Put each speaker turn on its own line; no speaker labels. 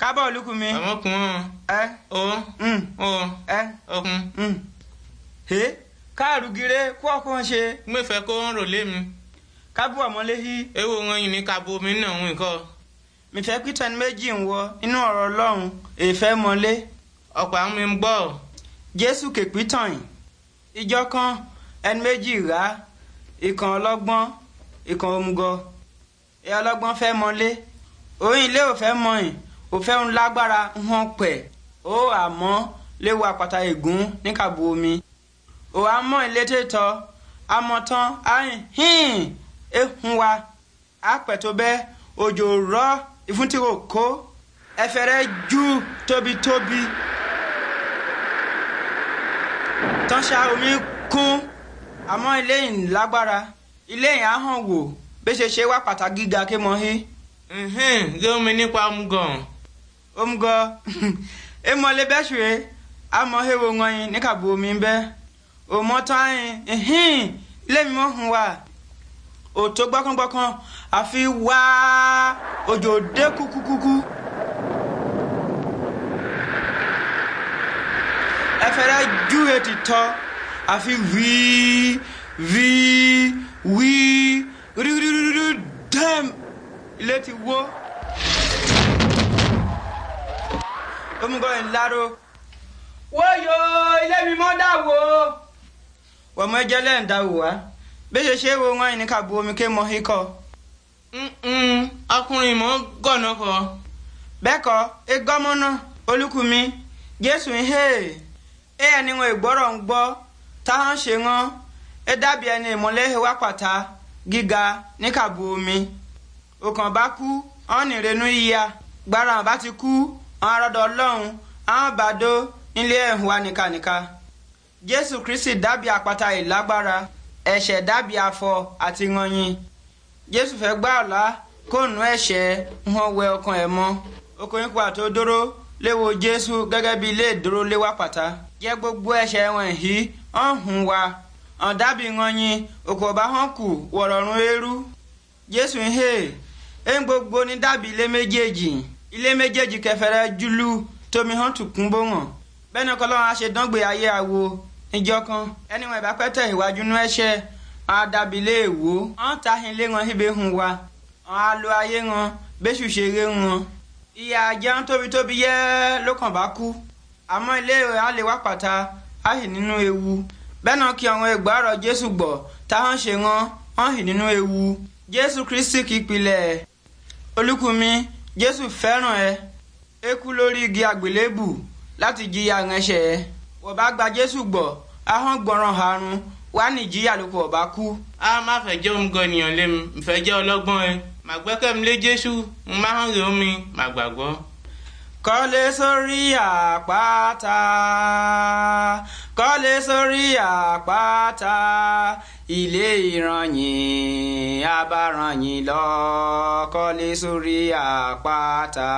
kábọ̀ olúkú mi. ọmọkùn ọ. ẹ o. Mm. o. ẹ. okun. Mm. he káàrúgire kú ọkọ ṣe. mo fẹ́ kó ń rọlé mi. kábù ọmọléhi. ewo wọn yìí ní kábù mi náà ń kọ. mi fẹ́ pítọ́ ní méjì ń wọ inú ọ̀rọ̀ ọlọ́run èèfẹ́ mọ́lé. ọ̀pọ̀ àwọn mi ń gbọ́. jésù kèpí tàn yìí. ìjọ kan ẹni méjì rà á ìkan ọlọ́gbọ́n ìkan òmùgọ̀ ẹ ọlọ́gbọ́n fẹ́ mọ́lé ilé ò fẹ́ mọ́ yìí kò fẹ́ ń lágbára hàn pẹ̀ ó àmọ́ léwu àpáta ègún níkàbù omi ò á mọ ìlété tọ amọ̀tán àyìn hìn ehun wa àpẹ̀ tó bẹ́ òjò rọ ìfún tí kò kó ẹfẹ̀rẹ̀ jù tóbitóbi omi kún àmọ́ ilé yìí lágbára ilé yìí á hàn wò bí ṣe ṣe wá pàtàkì gíga kémọ́hí. ǹhìn lómi nípa omgo emole besue amo hewo ngoyin ni kabu omi nbe omo tan ayin ehin ilé mi mọ hun wa òtó gbọkangbọkan àfi wá òjò dé kúkúkúkú. ẹfẹrẹ júwe e ti tọ àfi wíí wíí wíí rírírírí dẹ́m ilé ti wó. omugọlọ ńláró. wóyò ilé mi mọ́ dà wò. wọ́n mọ ẹjẹ́ lẹ́yìn dà wò wá bẹ́ẹ̀ ṣe ṣe wo wọn yìí ní kàbó omi ké mọ ikọ̀. ọkùnrin mọ̀ gọ̀nà kọ. bẹ́ẹ̀ kọ́ egọ́mọ́nà olúkúmi jésù ń hẹ́ ẹ̀ ẹni wọn ìgbọ́rọ̀ ń gbọ́ táwọn ṣe wọn ẹ dàbí ẹni ìmọ̀lẹ́hẹ̀ wá pàtà gíga ní kàbó omi. òkàn bá kú ọ̀nì renú yíya gbára wọn bá ti kú àwọn arọ́dọ̀ ọlọ́run àwọn bàdó ilé ẹ̀hún wa nìkanìka jésù kristi dàbí àpáta ìlágbára ẹ̀ṣẹ̀ dàbí afọ àti yanyin jésù fẹ́ gbá ọ̀la kóònù ẹ̀ṣẹ̀ wọn wẹ ọkàn ẹ̀ mọ́ okòyìn kó àtó dúró léwo jésù gẹ́gẹ́ bí ilé ìdúró léwà pàtà jẹ́ gbogbo ẹ̀ṣẹ̀ wọn yìí ọ̀hún wa ọ̀dàbí yanyin òkò bá hàn kù wọ̀rọ̀rùn eérú jésù ń hè ẹ̀ ń gbogbo ní dàbí ilé méjèèjì ilé méjèèjì kẹfẹrẹ júlù tómi hàn tún kún bó wọn bẹ́ẹ̀ náà kọ́lọ́run á ṣe dángbè ayé àwo níjọ́ kan ẹni wọn ìbápẹ́tẹ̀ ìwájú nú ẹ̀ṣẹ̀ wọn á dàbí lé èwo wọn ta hin wọn híbe hun wa wọn á lo ayé wọn bẹ́sù ṣe ré wọn. ìyá ajá ń tóbi tóbi yẹ́ ló kàn bá kú àmọ́ ilé rẹ̀ á lè wá pàtà á hì nínú ewu bẹ́ẹ̀ náà kí àwọn ìgbọ́rọ̀ Jésù gbọ́ táwọn ṣe wọn hàn hì nínú ewu Jésù Kristi kìpìlẹ̀ olúkúmi Jésù fẹ́ràn ẹ é kú lórí igi àgbélébù láti jìyà ìránṣẹ́ ẹ wọ́n bá gba Jésù gbọ́ ahọ́n gbọ́ràn àrùn wà nìjíríà ló kọ̀ bá kú. a má fẹ́ jẹ́ òmùgọ̀ ènìyàn lémi ìfẹ́ jẹ́ ọlọ́gbọ́n ẹ màá gbẹ́kẹ̀ mi lé Jésù ń má hàn rè omi màá gbàgbọ́. kọ́lé sórí àpáta kọ́lé sórí àpáta ilé ìrànyìn a bá ràn yín lọ kọ́lé sórí àpáta.